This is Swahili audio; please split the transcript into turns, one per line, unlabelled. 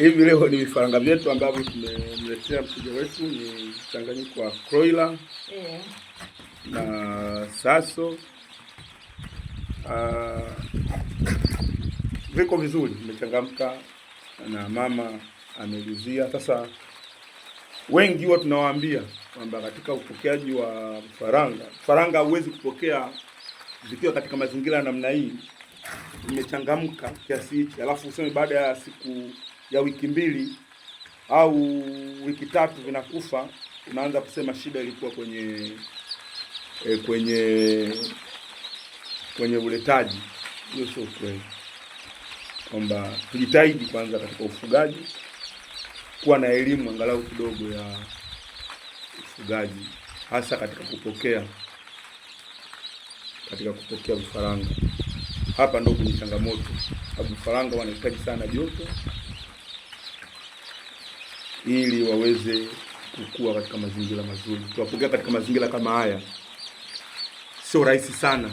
Hivi leo ni vifaranga vyetu ambavyo tumemletea mteja wetu ni mchanganyiko wa kroila yeah, na Saso. Uh, ah, viko vizuri, vimechangamka na mama amelizia. Sasa wengi huwa tunawaambia kwamba katika upokeaji wa mfaranga, mfaranga hauwezi kupokea vikiwa katika mazingira ya namna hii, vimechangamka kiasi hichi, alafu useme baada ya siku ya wiki mbili au wiki tatu vinakufa, unaanza kusema shida ilikuwa kwenye e, kwenye kwenye uletaji. Hiyo sio kweli, kwamba tujitahidi kwanza katika ufugaji kuwa na elimu angalau kidogo ya ufugaji, hasa katika kupokea katika kupokea vifaranga. Hapa ndio kwenye changamoto, sababu vifaranga wanahitaji sana joto ili waweze kukua katika mazingira mazuri. Tuwapokea katika mazingira kama haya, sio rahisi sana.